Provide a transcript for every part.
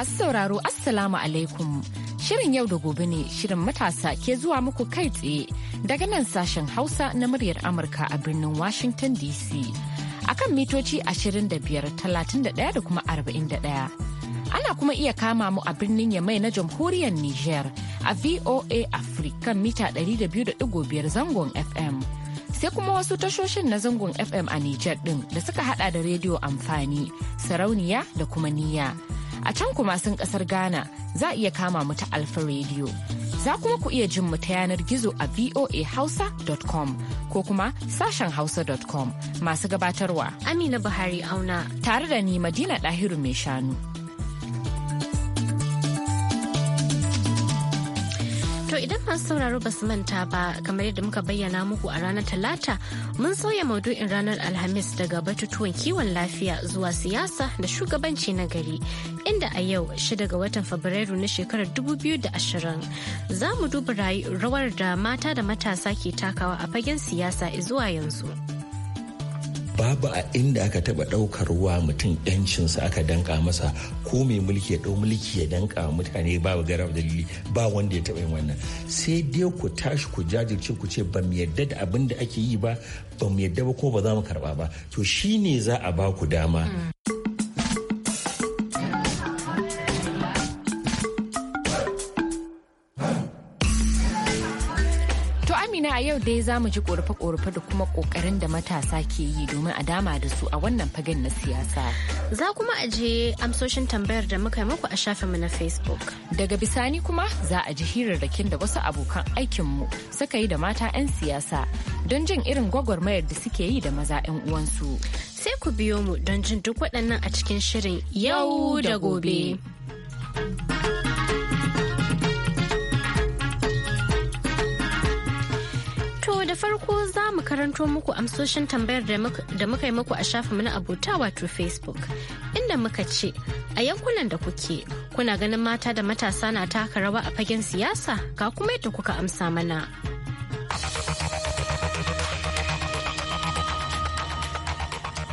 masu sauraro Assalamu alaikum. Shirin yau da gobe ne shirin matasa ke zuwa muku kai tsaye daga nan sashen Hausa na muryar Amurka a birnin Washington DC. Akan mitoci 25, da kuma 41. ana kuma iya kama mu a birnin yamai na jamhuriyar Nijar a VOA Africa mita 200.5 zangon FM. Sai kuma wasu tashoshin na zangon FM a Nijar din da suka hada da rediyo amfani, sarauniya da kuma niyya. A can kuma sun kasar Ghana za a iya kama mu ta Alfa Radio. Za kuma ku iya jin mu ta yanar gizo a voahausa.com ko kuma sashen hausa.com masu gabatarwa. Amina Buhari auna. Tare da ni Madina Dahiru mai shanu. idan masu sauraro ba su manta ba kamar yadda muka bayyana muku a ranar Talata mun sauya maudu'in ranar Alhamis daga batutuwan kiwon lafiya zuwa siyasa da shugabanci na gari. Inda a yau shida ga watan Fabrairu na shekarar 2020 za mu duba rawar da mata da matasa ke takawa a fagen siyasa zuwa yanzu. babu a inda aka taba daukar ruwa mutum yancinsa aka danka masa ko mai mulki ya dau mulki ya danka mutane babu garab dalili ba wanda ya taba yin wannan sai dai ku tashi ku jajirce ku ce ba mu yadda da abin da ake yi ba ba mu yadda ba ko ba za mu karɓa ba to shine za a ba ku dama. Mm. ina yau dai za mu ji ƙorafe ƙorafe da kuma kokarin da matasa ke yi domin a dama da su a wannan fagen na siyasa. Za kuma a je amsoshin tambayar da muka yi muku a shafinmu na Facebook. Daga bisani kuma za a ji hirarrakin da wasu abokan aikinmu suka yi da mata 'yan siyasa don jin irin gwagwarmayar da suke yi da maza 'yan uwansu. Sai ku biyo mu don jin duk waɗannan a cikin shirin yau da gobe. da farko za mu karanto muku amsoshin tambayar da muka yi muku a shafinmu na abota wato Facebook, inda muka ce, a yankunan da kuke, kuna ganin mata da matasa na taka rawa a fagen siyasa ga kuma yadda kuka amsa mana.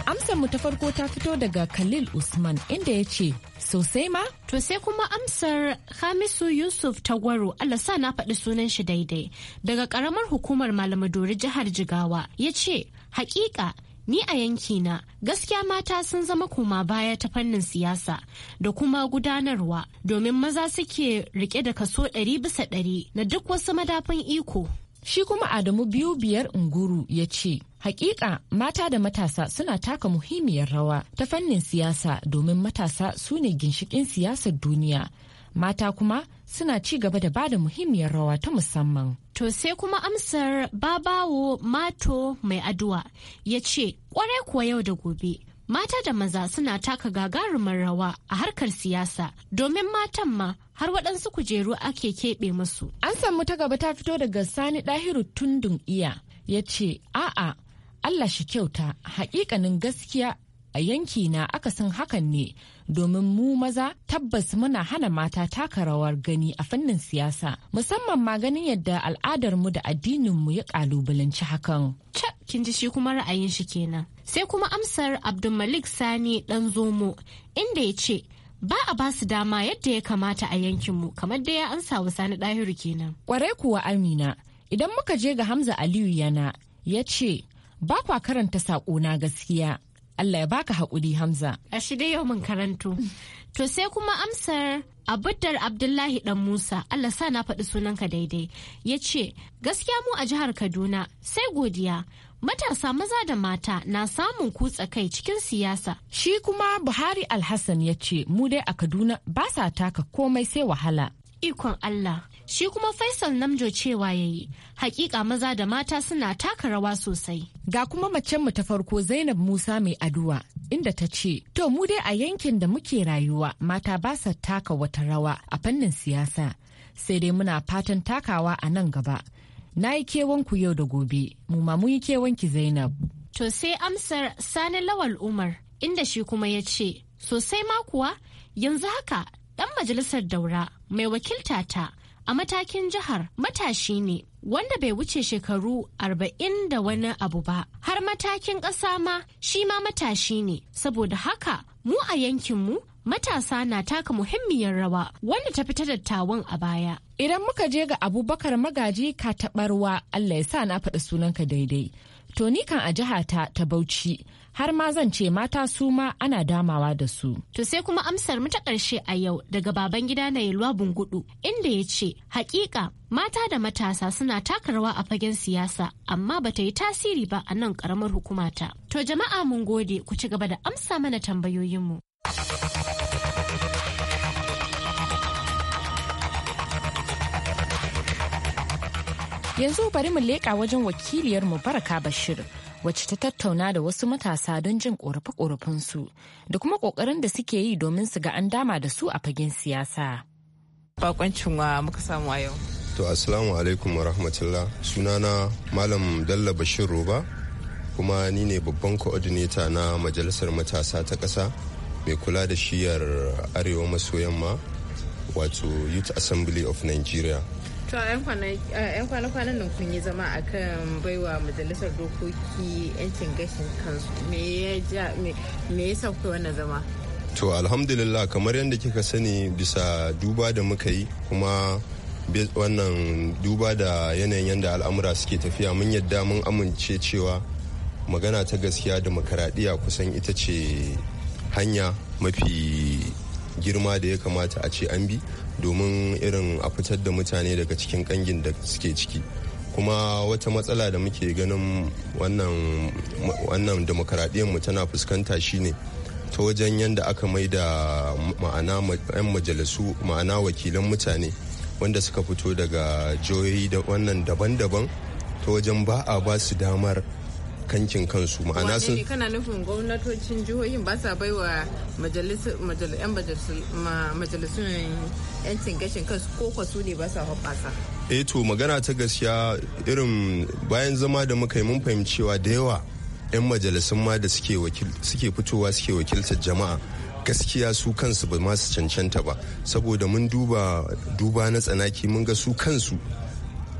amsar mu ta farko ta fito daga Khalil Usman inda ya ce, sosai ma To sai kuma amsar Hamisu Yusuf Tagwaro Allah sa na faɗi sunan shi daidai daga ƙaramar hukumar Malamadori jihar Jigawa ya ce, "Hakika ni a yankina gaskiya mata sun zama koma baya ta fannin siyasa da kuma gudanarwa domin maza suke rike da kaso ɗari bisa ɗari na duk wasu madafin iko Shi kuma Adamu biyu biyar unguru ya ce, Hakika mata da matasa suna taka muhimmiyar rawa ta fannin siyasa domin matasa su ne ginshikin siyasar duniya. Mata kuma suna ci gaba da bada muhimmiyar rawa ta musamman. To sai kuma amsar babawo mato mai aduwa ya ce, kwarai kuwa yau da gobe mata da maza suna taka gagarumar rawa a harkar siyasa domin matan ma har waɗansu kujeru ake keɓe musu. An samu ta gaba ta fito daga Sani Ɗahiru Tundun Iya ya ce, A'a, Allah shi kyauta, haƙiƙanin gaskiya a yanki na akasin hakan ne domin mu maza tabbas muna hana mata taka rawar gani a fannin siyasa musamman ma ganin yadda al'adarmu da addininmu ya kalubalanci hakan. Ca kin ji shi kuma ra'ayin shi kenan. Sai kuma amsar Abdulmalik Sani dan zomo inda ya ce ba a basu dama yadda ya kamata a yankinmu kamar da ya ansa wa Sani Dahiru kenan. Kwarai kuwa Amina idan muka je ga Hamza Aliyu yana ya ce ba kwa karanta saƙona gaskiya Allah ya baka hakuri Hamza. A shi dai yau mun karanto. To sai kuma amsar Abuddar Abdullahi Dan Musa, Allah sa na faɗi sunanka daidai, ya ce, Gaskiya mu a jihar Kaduna, sai godiya, matasa maza da mata na samun kutsa kai cikin siyasa. Shi kuma Buhari Alhassan ya ce, Mu dai a Kaduna ba sa taka komai sai wahala. Ikon Allah. Shi kuma Faisal Namjo cewa ya yi, hakika maza da mata suna taka rawa sosai. Ga kuma macen mu ta farko Zainab Musa mai aduwa inda ta ce, To mu dai a yankin da muke rayuwa mata ba sa taka wata rawa a fannin siyasa, sai dai muna fatan takawa a nan gaba. Na yi kewanku yau da gobe, mu ma mun yi kewanki Zainab. To sai amsar Sani Lawal Umar, inda shi kuma ya ce, Sosai ma kuwa, yanzu haka ɗan majalisar daura mai wakilta ta a matakin jihar matashi ne wanda bai wuce shekaru arba'in da wani abu ba har matakin ƙasa ma shi ma matashi ne saboda haka mu a yankinmu matasa na taka muhimmiyar rawa wanda ta fita dattawan a baya. Idan muka je ga abubakar magaji ka taɓarwa Allah ya sa na faɗi sunanka daidai. To ni kan a jihata ta Bauchi har ma zan ce mata su ma ana damawa da su. To sai kuma amsar mu ta ƙarshe a yau daga baban gida na Yelwa Bungudu inda ya ce hakika mata da matasa suna taka rawa a fagen siyasa amma ba ta yi tasiri ba a nan ƙaramar hukumata. To jama'a mun gode ku ci gaba da amsa mana tambayoyinmu. Yanzu bari mu leƙa wajen wakiliyar mu Baraka Bashir. wacce ta tattauna da wasu matasa don jin korafe-korafensu da kuma kokarin da suke yi domin su ga an dama da su a fagen siyasa. Bakoncin wa muka samu a yau. To assalamu alaikum wa rahmatullah sunana Malam Dalla Bashir Roba kuma ni ne babban coordinator na majalisar matasa ta ƙasa mai kula da shiyar arewa maso yamma wato Youth Assembly of Nigeria. to a yan kwana-kwanan nan kun yi zama a kan baiwa majalisar dokoki yancin gashin kansu me ya sa kuka wannan zama to alhamdulillah kamar yadda kika sani bisa duba da muka yi kuma wannan duba da yanayin yadda al'amura suke tafiya mun yadda mun amince cewa magana ta gaskiya demokaradiyya kusan ita ce hanya mafi girma da ya kamata a ce an bi domin irin a fitar da mutane daga cikin kangin da suke ciki kuma wata matsala da muke ganin wannan wannan mu tana fuskanta shine ta wajen yadda aka mai da ma'ana 'yan majalisu ma'ana wakilan mutane wanda suka fito daga jihohi da wannan daban-daban ta wajen ba a ba su damar kankin kansu ma'ana sun kana nufin gwamnatocin jihohin ba sa baiwa yan majalisun yancin gashin kansu ko kwasu ne ba sa hoɓasa eh to magana ta gaskiya irin bayan zama da muka yi mun fahimcewa da yawa yan majalisun ma da suke fitowa suke wakiltar jama'a gaskiya su kansu ba masu cancanta ba saboda mun duba duba na tsanaki mun ga su kansu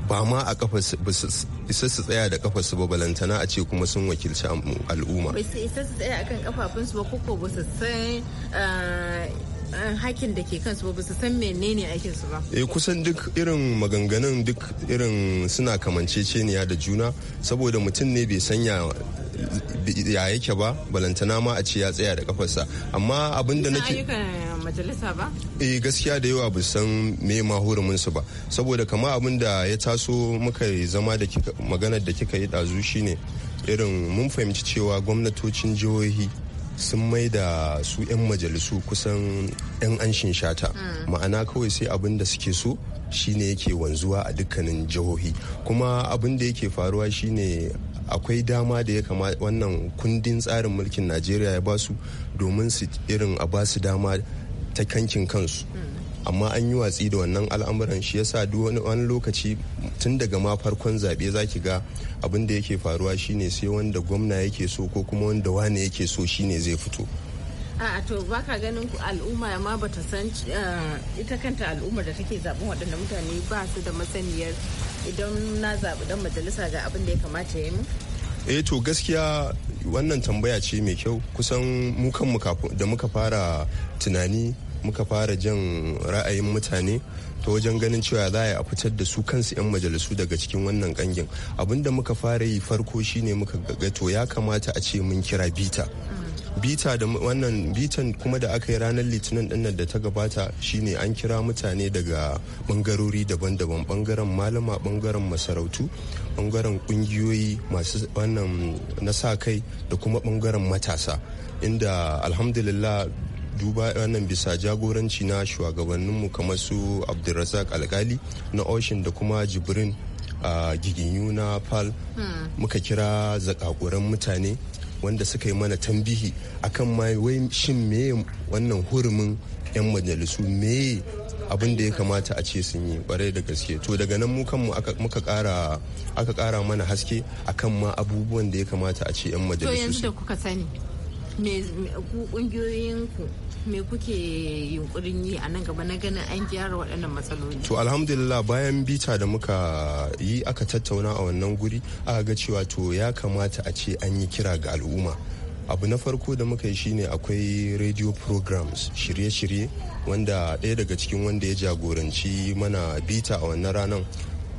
ba ma a kafa isa su tsaya da kafa su balantana a ce kuma sun wakilci al'umma ba su isa su tsaya akan kafafunsu ba koko ba su san eh, eh, hakin da ke kansu ba su san menene aikin su ba. Eh kusan duk irin maganganun duk irin suna kamanceceniya da juna saboda mutum ne bai sanya ya yake ba balantana ma a ce ya tsaya da kafarsa amma abin da nake majalisa ba? Eh gaskiya da yawa ba san me ma su ba. Saboda kama abin da ya taso muka zama da maganar da kika yi ɗazu shine irin mun fahimci cewa gwamnatocin jihohi sun mai da su 'yan majalisu kusan 'yan anshin shata hmm. ma'ana kawai sai abin da suke so shine yake wanzuwa a dukkanin jihohi kuma abin da yake faruwa shine akwai dama da ya kama wannan kundin tsarin mulkin najeriya ya basu domin su irin a basu dama ta kankin kansu amma an yi watsi da wannan al'amuran shi yasa duk wani lokaci tun daga ma farkon zaɓe za ki ga abin da yake faruwa shine sai wanda gwamna yake so ko kuma wanda wane yake so shine zai fito a to baka ganin ku al'umma ma bata san eh, ita kanta al'ummar da take zaɓen waɗanda mutane ba su da masaniyar idan na zaɓi dan majalisa ga abin da ya kamata ya yi eh to gaskiya wannan tambaya ce mai kyau kusan mu kanmu da muka fara tunani muka fara jan ra'ayin mutane ta wajen ganin cewa za a fitar da su kansu 'yan majalisu daga cikin wannan kangin abinda muka fara yi farko shine muka ga to ya kamata a ce mun kira bita bita da wannan bitan kuma da aka yi ranar litinin dinnan da ta gabata shine an kira mutane daga bangarori daban-daban bangaren malama bangaren masarautu bangaren kungiyoyi masu wannan na sa kai da kuma bangaren matasa inda alhamdulillah duba wannan bisa jagoranci na shugabanninmu kamar su abdulrazak alkali na ocean da kuma jibrin a giginyu na pal hmm. muka kira zakakuran mutane wanda suka yi mana tambihi akan ma wai shin me wannan hurumin 'yan majalisu meye abin da ya kamata a ce sun yi kwarai da gaske to daga nan mu kanmu muka kara aka kara mana haske akan ma abubuwan da ya kamata a ce 'yan majalisu to yanzu da kuka sani me kungiyoyin ku me kuke yunkurin yi a nan gaba na ganin an gyara waɗannan matsaloli to alhamdulillah bayan bita da muka yi aka tattauna a wannan guri aka ga cewa to ya kamata a ce an yi kira ga al'umma abu na farko da muka yi shine akwai radio programs shirye-shirye wanda ɗaya daga cikin wanda ya jagoranci mana bita a wannan ranar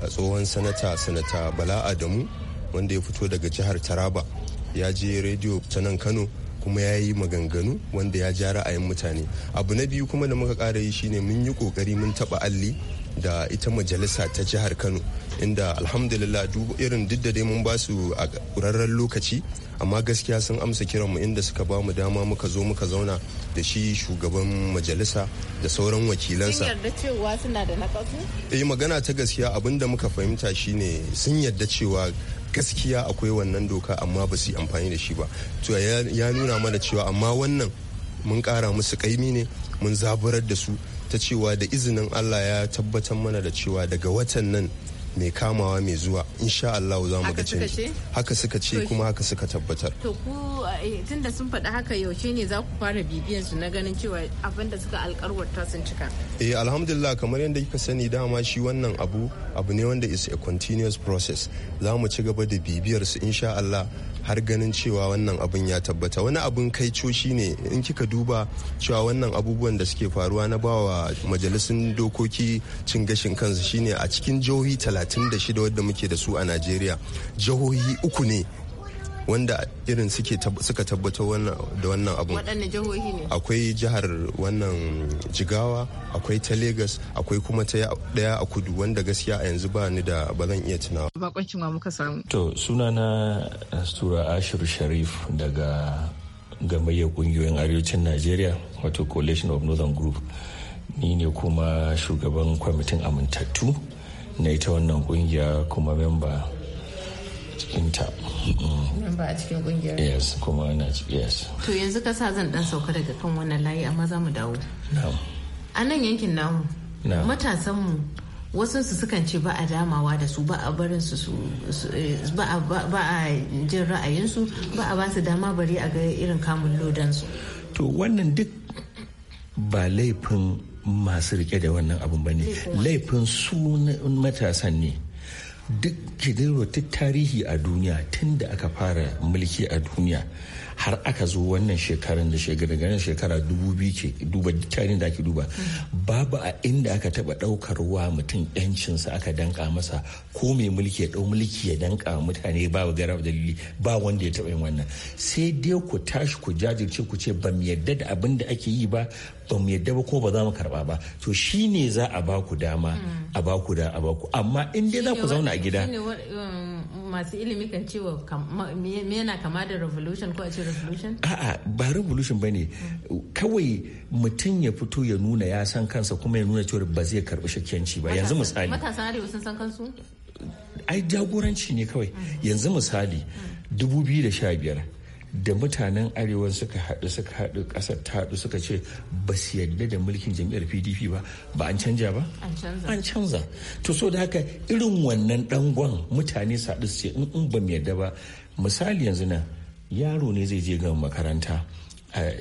tsohon sanata sanata bala adamu wanda ya fito daga jihar taraba ya je radio ta nan kano kuma ya yi maganganu wanda ya ja ra'ayin mutane abu na biyu kuma da muka kara yi shine mun yi ƙoƙari mun taɓa alli da ita majalisa ta jihar kano inda alhamdulillah irin duk da dai mun ba su a ƙurarren lokaci amma gaskiya sun amsa kiranmu inda suka ba mu dama muka zo muka zauna da shi shugaban majalisa da sauran wakilansa sun yarda cewa suna da eh, magana ta gaskiya abin da muka fahimta shine sun yarda cewa gaskiya akwai wannan doka amma ba su yi amfani da shi ba to ya nuna mana cewa amma wannan mun kara musu kaimi ne mun zaburar da su ta cewa da izinin allah ya tabbatar mana da cewa daga watan nan mai kamawa mai zuwa insha Allah za mu ga canji haka suka ce kuma haka suka tabbatar to ku eh, tunda sun faɗa haka yaushe ne za ku fara bibiyan su na ganin cewa abin da suka alƙarwarta sun cika eh alhamdulillah kamar yadda kika sani dama shi wannan abu abu ne wanda is a continuous process za mu ci gaba da bibiyar su insha Allah har ganin cewa wannan abun ya tabbata wani abun kai coci ne in kika duba cewa wannan abubuwan da suke faruwa na bawa majalisun dokoki cin gashin kansu shine a cikin jihohi 36 wadda muke da su a najeriya jihohi uku ne wanda irin suka tabbatar da wannan abun akwai jihar wannan jigawa akwai ta lagos akwai kuma ta daya a kudu wanda gaskiya a yanzu ba ni da ba iya tunawa bakoncin wa muka samu to sunana sura ashir sharif daga gamayyar kungiyoyin arewacin najeriya wato coalition of northern group ni ne kuma shugaban kwamitin amintattu na ita wannan kungiya kuma memba cikinta ba a cikin kungiyar yes kuma na yes to yanzu ka sa zan dan sauka daga kan wannan layi amma za mu dawo a nan yankin namu matasanmu wasu su sukan ce ba a damawa da su ba a barin su eh, ba a jin ra'ayinsu ba a ba su dama bari a ga irin kamun lodansu to wannan duk ba laifin masu rike da wannan abun ba ne laifin su matasan ne duk ta tarihi a duniya tun da aka fara mulki a duniya har aka zo wannan shekaran da shekara shekara dubu biyu ke duba tarihin da ake duba babu a inda aka taba daukar wa mutum yancinsa aka danka masa ko mai mulki ya dau mulki ya danka mutane babu gara dalili ba wanda ya taba yin wannan sai dai ku tashi ku jajirce ku ce ba mu yadda da abin da ake yi ba ba mu yadda ba ko ba za mu karba ba to shine za a ba ku dama a ba ku da a ba ku amma in dai za ku zauna a gida masu ilimi kan cewa me yana kama da revolution ko a ce revolution? A'a ba revolution ba ne kawai mutum ya fito ya nuna ya san kansa kuma ya nuna cewa ba zai karbi shakiyanci ba yanzu misali. Matasan arewa sun san kansu? Ai jagoranci ne kawai yanzu misali da sha biyar. da mutanen arewa suka haɗu suka haɗu ƙasar ta haɗu suka ce ba su yadda da mulkin jam'iyyar pdp ba ba an canja ba an canza to so da haka irin wannan dangon mutane su haɗu su in ba mu yadda ba misali yanzu nan. yaro ne zai je gama makaranta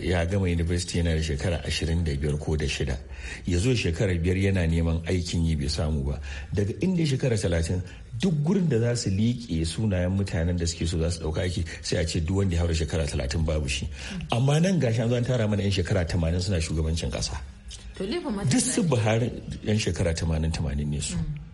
ya gama university yana da shekara 25 ko da shida ya zo shekara biyar yana neman aikin yi bai samu ba daga inda shekara talatin. duk gurin da za su liƙe sunayen mutanen da suke so za su ɗauka aiki sai a ce duk wanda ya haura shekara talatin babu shi amma nan gashi an zo an tara mana 'yan shekara tamanin suna shugabancin ƙasa duk su buhari 'yan shekara tamanin tamanin ne su mm.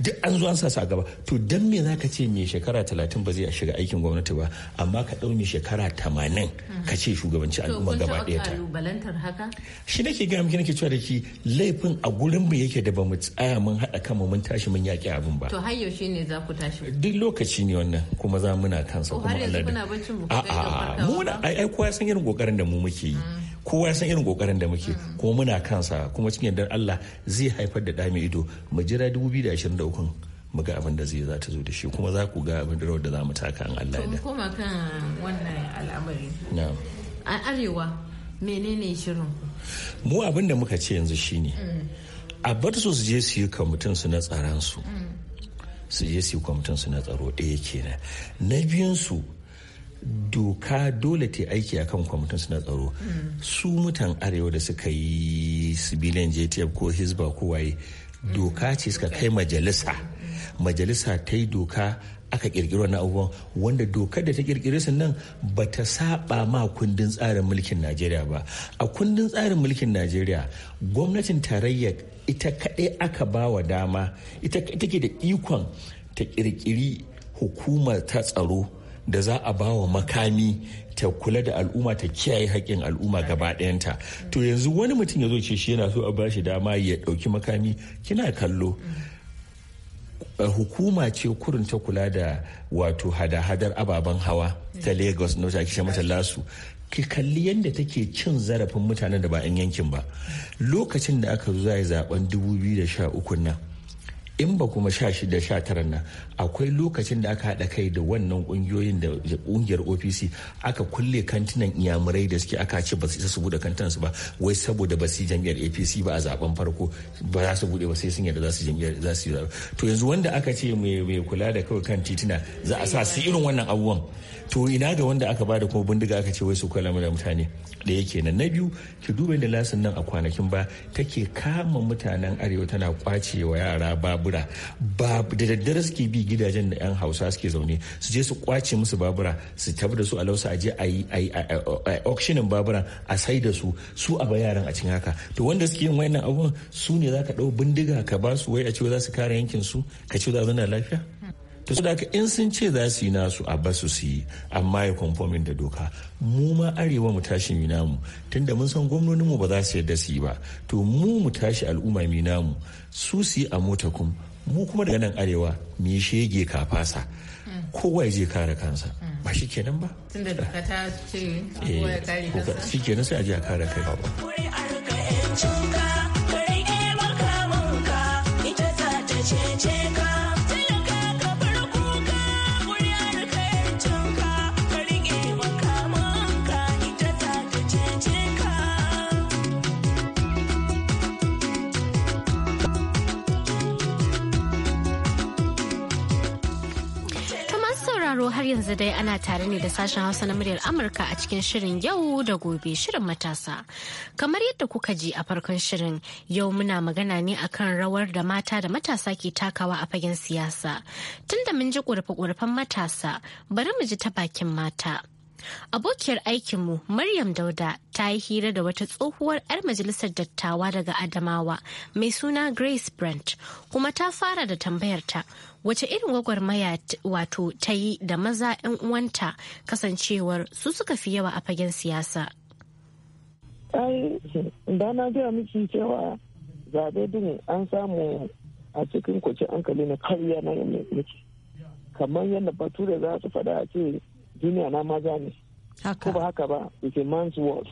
duk an zo an sa a gaba to dan me zaka ce mai shekara talatin ba zai shiga aikin gwamnati ba amma ka ɗau mai shekara tamanin ka ce shugabanci al'umma gaba ɗaya ta shi nake gaya miki nake cewa da ki laifin a gurin mu yake da ba mu tsaya mun haɗa mu mun tashi mun yaƙi abin ba to har yaushe ne za ku tashi duk lokaci ne wannan kuma za muna kansa kuma Allah da a'a mu na ai ai kowa san irin kokarin da mu muke yi mm. kowa ya san irin kokarin da muke ko muna kansa kuma cikin yardar Allah zai haifar da ɗa mai ido mu jira 2023 mu ga abin da zai za ta zo da shi kuma za ku ga abin da rawar da za mu taka an Allah da. koma kan wannan al'amari. A arewa menene shirin? Mu abin da muka ce yanzu shine a bar su su je su yi kwamitin su na tsaransu. Mm. su je su yi kwamitin su na tsaro ɗaya kenan na biyun su doka dole ta aiki akan kwamitin na tsaro su mutan arewa da suka yi sibilin jtf ko hisba ko waye doka ce suka kai majalisa majalisa ta yi doka aka kirkiri wannan abubuwan wanda dokar da ta kirkiri su nan ba ta saba ma kundin tsarin mulkin najeriya ba a kundin tsarin mulkin najeriya gwamnatin tarayya ita kaɗai aka ba wa dama ita take da ikon ta kirkiri hukumar ta tsaro da za a ba wa makami ta kula da al'umma ta kiyaye haƙƙin al'umma gaba ɗayanta to yanzu wani mutum ya zo ce shi yana so a ba shi dama ya ɗauki makami kina kallo hukuma ce kurin ta kula da wato hada-hadar ababen hawa ta lagos na wata mata lasu ki kalli yadda take cin zarafin mutanen da ba 'yan yankin ba lokacin da aka zo ya zaben 2013 nan in ba kuma 16 19 nan akwai lokacin da aka haɗa kai da wannan ƙungiyoyin da ƙungiyar opc aka kulle kantinan iyamurai da suke aka ce ba su isa su bude kantinan su ba wai saboda ba su jam'iyyar apc ba a zaben farko ba za su buɗe ba sai sun yarda za su jam'iyyar za su yi to yanzu wanda aka ce mai kula da kawai kan titina za a sa su irin wannan abubuwan to ina ga wanda aka bada kuma bindiga aka ce wai su kula da mutane da yake nan na biyu ki duba da lasin nan a kwanakin ba take kama mutanen arewa tana kwace wa yara babura ba da daddare suke bi gidajen da 'yan hausa suke zaune su je su kwace musu babura su tafi da su a lausa a je a yi auctionin babura a sai da su su a yaran a cikin haka to wanda suke yin wayannan abubuwan su ne za ka ɗau bindiga ka ba su wai a ce za su kare yankin su ka ce za zauna lafiya to da haka in sun ce za su yi nasu a ba su su yi amma ya conformin da doka mu ma arewa mu tashi mi namu tunda mun san gwamnonin mu ba za su yarda su yi ba to mu mu tashi al'umma mi namu su su yi a mota kuma mu kuma daga nan arewa mu yi shege kafasa hmm. kowa ya je kare kansa hmm. ba shi kenan ba tunda doka ta ce eh, kowa ya kare kansa shi kenan sai a je a kare kai ba yanzu dai ana tare ne da sashen Hausa na muryar Amurka a cikin shirin yau da gobe shirin matasa. Kamar yadda kuka ji a farkon shirin yau muna magana ne akan rawar da mata da matasa ke takawa a fagen siyasa. Tunda mun ji ƙorafe-ƙorafen matasa bari mu ji ta bakin mata. Abokiyar aikinmu Maryam Dauda ta yi hira da wata tsohuwar 'yar majalisar dattawa daga Adamawa mai suna Grace Brent kuma ta fara da tambayarta wace irin gwagwarmaya wato ta yi da maza 'yan uwanta kasancewar su suka fi yawa a fagen siyasa. Ai, da na gaya miki cewa zaɓe din an samu a cikin kwace hankali na karya na yamma kamar yadda bature za su faɗa a ce duniya na maza ne ko ba haka ba it's a man's world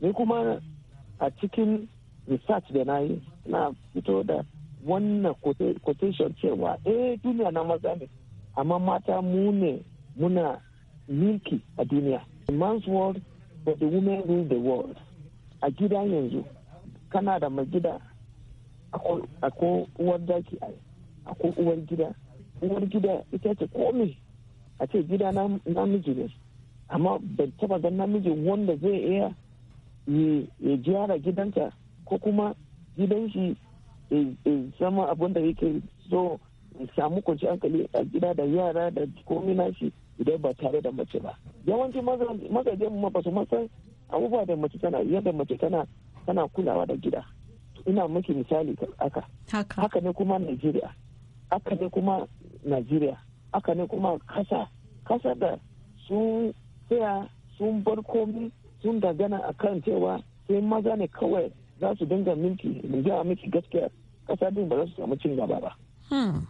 ni kuma a cikin research da na yi na fito da wannan quotation cewa eh duniya na maza ne amma mata mu ne muna milki a duniya man's world but the women rule the world a gida yanzu kana da mai gida akwai uwar daki ako uwar gida uwar gida ita ce komai a ce gida namiji ne amma ban taba gan namiji wanda zai iya ya gyara gidanta ko kuma gidan shi zama abin da yake so samu kwanci hankali a gida da yara da komi nashi idan ba tare da mace ba yawanci mazajen mu ba su san abubuwa da mace tana yadda mace tana tana kulawa da gida ina miki misali haka haka haka ne kuma Najeriya aka ne kuma kasa kasa da sun tsaya sun bar komi sun dagana a kan cewa sai maza ne kawai za su dinga minti a miki gaskiya kasa din ba za su samu cin gaba ba hmm.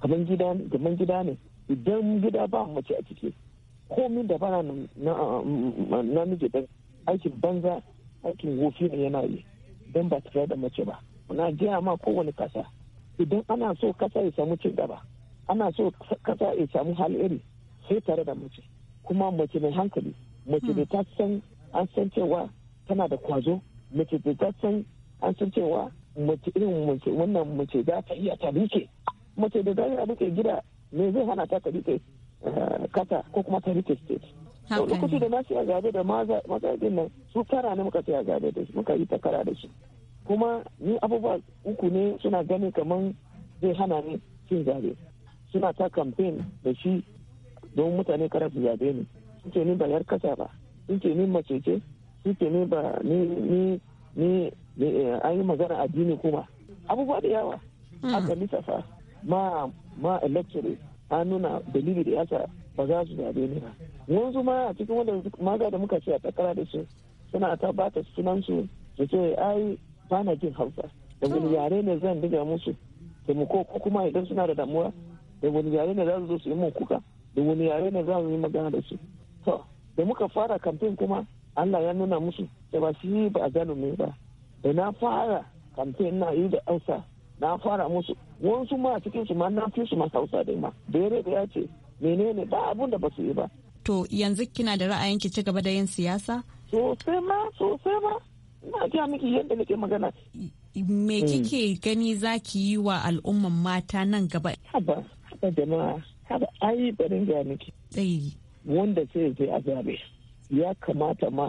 kaman gida ne, kaman gida ne idan gida ba mace a ciki komi da na na miji din aikin banza aikin wofi ne yana yi dan ba tare da mace ba na gaya ma kowane kasa idan ana so kasa ya samu cin gaba ana so kasa ya samu iri sai tare da mace kuma mace mai hankali mace da hmm. ta san an san cewa tana da kwazo mace da ta san an san cewa mace irin mace wannan mace za ta iya ta rike mace da za ta rike gida me zai hana ta ta rike eh, kasa ko kuma ta rike state lokaci da na siya gabe da maza din nan su kara ne muka siya gabe da su muka yi ta kara da su kuma ni abubuwa uku ne suna ganin kaman zai hana ni cin zabe suna ta kamfen da shi don mutane kada su zabe ni sun ce ni ba yar kasa ba sun ce ni mace ce sun ce ni ba ni ni ni eh, an yi magana addini kuma abubuwa da yawa hmm. aka lissafa ma ma electorate an nuna dalili da yasa ba za su zabe ni ba wanzu ma a cikin wanda maza da muka ce a takara da su suna ta bata sunan su su ce ai ba na jin hausa da wani hmm. yare ne zan diga musu taimako ko kuma idan suna da damuwa da eh, wani yare ne za su zo su yi mun kuka da wani yare ne za su yi magana da su to da muka fara kamfen kuma Allah ya nuna musu da ba yi ba a gano me ba da na fara kamfen na yi da ausa na fara musu wasu ma cikin su ma na fi su ma Hausa dai ma da ya ce menene ba abun da ba su yi ba to yanzu kina da ra'ayin ki ci gaba da yin siyasa sosai ma sosai ma ina ga miki yadda nake magana me kike gani zaki yi wa al'umman mata nan gaba? haɓa jama'a haɓa ai barin ga miki wanda sai zai a zabe ya kamata ma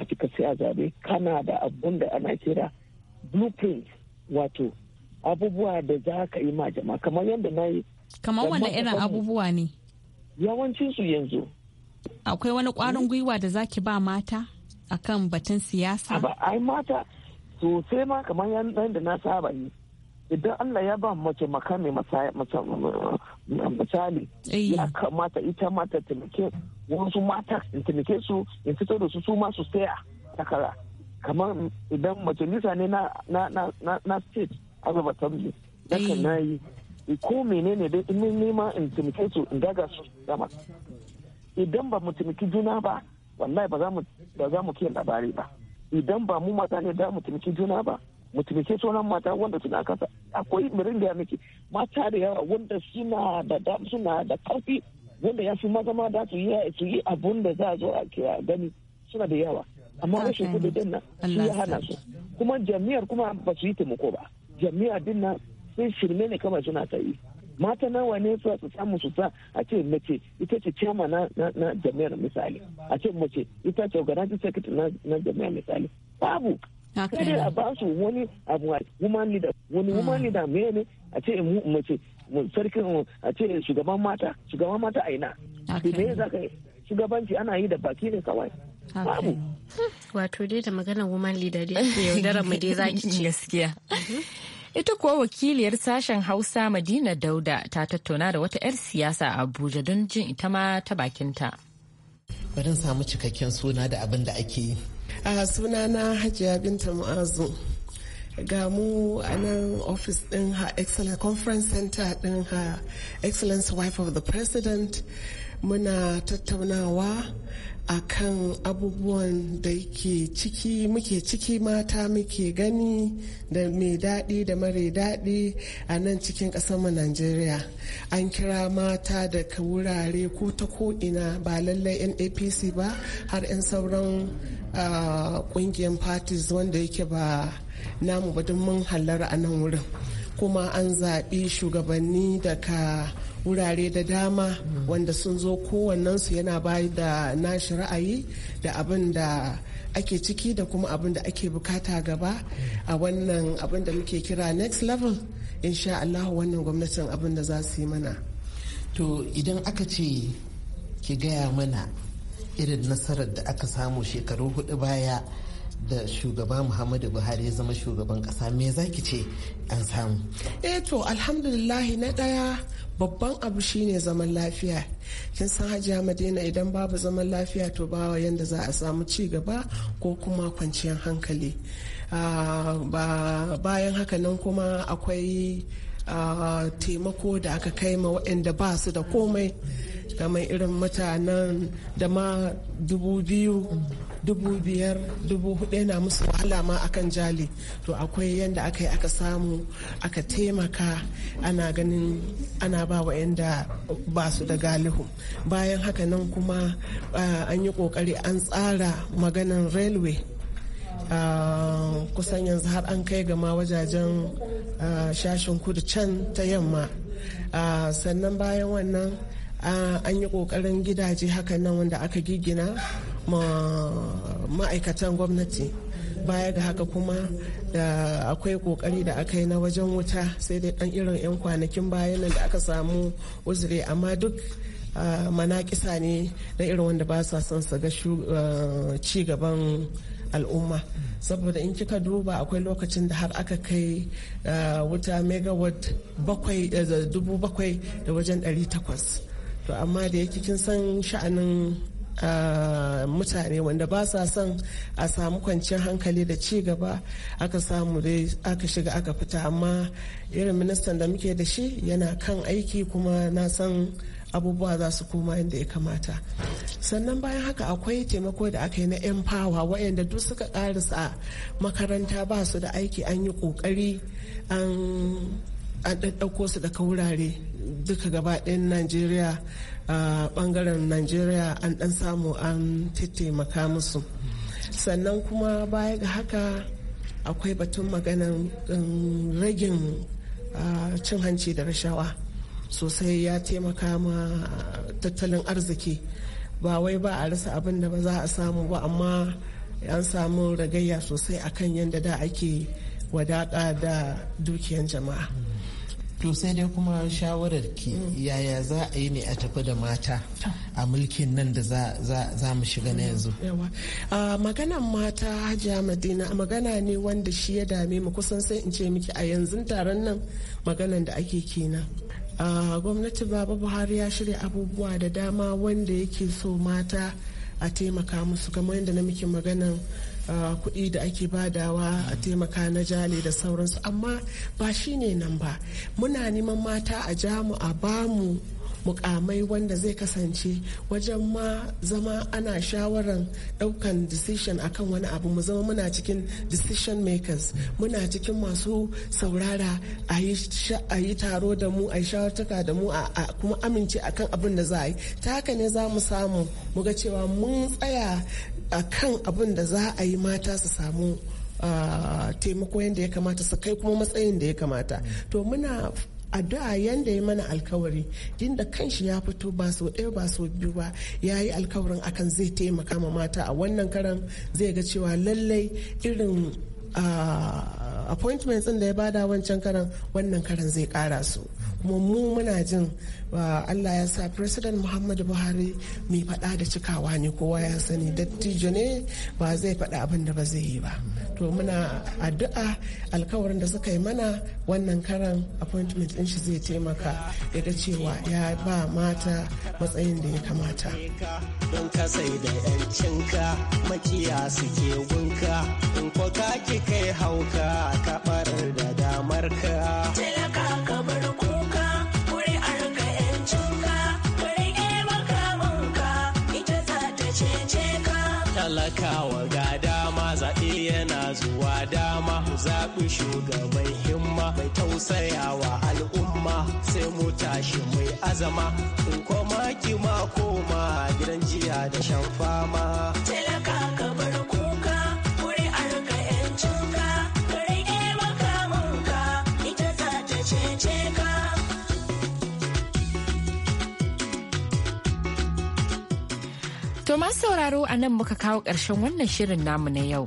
a cika sai a zabe kana da abun da ana kira blueprint wato abubuwa da za ka yi ma jama'a kamar yadda na yi kamar wanda irin abubuwa ne yawancin su yanzu akwai wani kwarin gwiwa da za ki ba mata akan batun siyasa ba ai mata sosai ma kamar yadda na saba yi idan Allah ya ba mace makami misali eh. ya kamata ita mata ta taimake wasu mata in taimake su in fito da su su ma su tsaya takara kamar idan majalisa ne na state na state azaba tambi daga eh. na yi ko menene dai in nema in taimake su in daga su dama idan ba mu taimaki juna ba wallahi ba za mu kiyan labari ba idan ba mu mata ne da mu taimaki juna ba mutumike sunan mata wanda suna kasa akwai mirin da miki mata da yawa wanda suna da suna da karfi wanda ya fi maza ma da su yi abun da za a zo a kira gani suna da yawa amma rashin kudi din nan shi ya hana su kuma jami'ar kuma ba su yi taimako ba jami'a din nan sai shirme ne kamar suna ta yi mata nawa ne su su samu su sa a ce mace ita ce cema na jami'ar misali a ce mace ita ce organizing secretary na jami'ar misali babu sai a ba su wani abu woman leader wani woman hmm. leader me ne a ce mace sarkin a ce shugaban mata shugaban mata a ne me za ka yi shugabanci ana yi da baki ne kawai babu wato dai da maganar woman leader dai ake yaudara mu dai za ki ce gaskiya mhm. ita kuwa wakiliyar sashen hausa madina dauda ta tattauna da wata 'yar siyasa a abuja don jin ita ma ta bakinta bari samu cikakken suna da abin da ake yi a sunana hajiya binta mu'azu ga mu a nan office din ha excellence conference center din ha excellence wife of the president muna tattaunawa akan abubuwan da ke ciki muke ciki mata muke gani da mai daɗi da mare daɗi a nan cikin ƙasarmu Najeriya. An kira mata daga wurare ko ta ko'ina ba lallai 'yan APC ba har 'yan sauran ƙungiyar parties wanda yake ba namu ba don mun hallara a nan wurin. Kuma an zaɓi shugabanni daga wurare da dama wanda sun zo kowannensu yana ba da nashi ra'ayi da abin da ake ciki da kuma abin da ake bukata gaba a wannan abin da muke kira next level insha Allah wannan gwamnatin abin da za su yi mana to idan aka ce ki gaya mana irin nasarar da aka samu shekaru hudu baya da shugaba muhammadu buhari ya zama shugaban kasa me za ki ce an samu eh to alhamdulillahi na daya babban abu shine zaman lafiya kin san hajiya madina idan babu zaman lafiya to bawa yanda za a samu ci gaba ko kuma kwanciyar hankali ah, bayan haka nan kuma akwai ah, taimako da aka kai ma waɗanda ba su da komai kamar irin mutanen da ma dubu biyu dubu biyar dubu hudu yana musu wahala ma akan jali to akwai yadda aka yi aka samu aka taimaka ana ganin ana ba wa yanda ba su da galihu bayan haka nan kuma ah, an yi kokari an tsara maganin railway ah, kusan yanzu har an kai gama wajajen ah, shashin kudu can ta yamma sannan bayan wannan an yi kokarin gidaje haka nan wanda aka gigina ma'aikatan gwamnati baya ga haka kuma da akwai kokari da aka yi na wajen wuta sai dai dan irin 'yan kwanakin bayan nan da aka samu uzure amma duk manakisa ne na irin wanda ba sa son su ga ci gaban al'umma saboda in kika duba akwai lokacin da har aka kai wuta megawatt eh, dubu bakwai da wajen 800 to amma da yake kin san sha'anin ah, mutane wanda ba sa son a samu kwanciyar hankali da ci gaba aka samu dai aka shiga aka fita amma irin ministan da muke da shi yana kan aiki kuma na san abubuwa za su koma inda ya kamata sannan bayan haka akwai taimako da aka yi na empower wayanda duk suka karisa makaranta ba su da aiki an yi kokari an an ɗaɗɗauko su daga wurare duka gaba ɗayan najeriya a ɓangaren najeriya an ɗan samu an taimaka musu sannan kuma baya ga haka akwai batun maganan um, ragin cin hanci da rashawa sosai ya taimaka ma tattalin arziki ba wai ba a rasa abin da ba za a samu ba amma an samu ragayya sosai akan yadda da ake wadaƙa da dukiyan jama'a to sai dai kuma shawarar ki yaya za a yi ne a tafi da mata a mulkin nan da za mu shiga na yanzu maganan mata hajiya madina magana ne wanda shi ya dame mu kusan sai in ce miki a yanzu taron nan maganan da ake kenan gwamnati baba buhari ya shirya abubuwa da dama wanda yake so mata a taimaka musu kamar yadda na magana. maganan kuɗi da ake badawa a taimaka na jale da sauransu amma ba shi ne nan ba muna neman mata a jamu a bamu mukamai wanda zai kasance wajen ma zama ana shawaran daukan decision akan wani abu mu zama muna cikin decision makers muna cikin masu saurara a yi taro da mu a yi shawartaka da mu a kuma amince akan abin da za a yi ta haka ne za mu samu mu ga cewa mun tsaya a kan abin da za a yi mata su samu taimako yadda ya kamata su kai kuma matsayin da ya kamata to muna addu'a yadda ya mana alkawari inda kanshi ya fito ba so ɗaya ba so biyu ba ya yi alkawarin akan zai taimaka ma mata a wannan karan zai ga cewa lallai irin appointments da ya bada wancan karan wannan karan zai ƙara su kuma mu muna jin ah, allah ya sa president muhammadu buhari mai faɗa da cikawa ne kowa ya sani dattijo ne ba zai faɗa abin da ba zai yi ba to muna addu'a alkawarin da suka yi mana wannan karan appointment ɗin shi zai taimaka ya ga cewa ya ba mata matsayin da ya kamata don ka sai da yancinka makiya suke gunka in kwa ki kai hauka ka da damarka zaɓi shugaban himma mai tausayawa al'umma sai mu tashi mai azama in koma ma koma gidan jiya da shan fama. Talaka bar kuka, wuri 'yancinka, ka To masu sauraro a nan muka kawo ƙarshen wannan shirin namu na yau.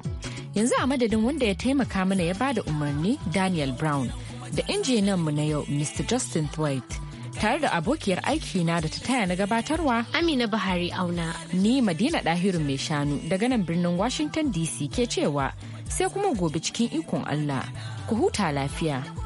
yanzu a madadin wanda ya taimaka mana ya bada umarni daniel brown da injiniyan mu na yau mr justin thwaite tare da abokiyar aiki na da ta taya na gabatarwa amina buhari auna ni madina dahiru mai shanu daga nan birnin washington dc ke cewa sai kuma gobe cikin ikon allah ku huta lafiya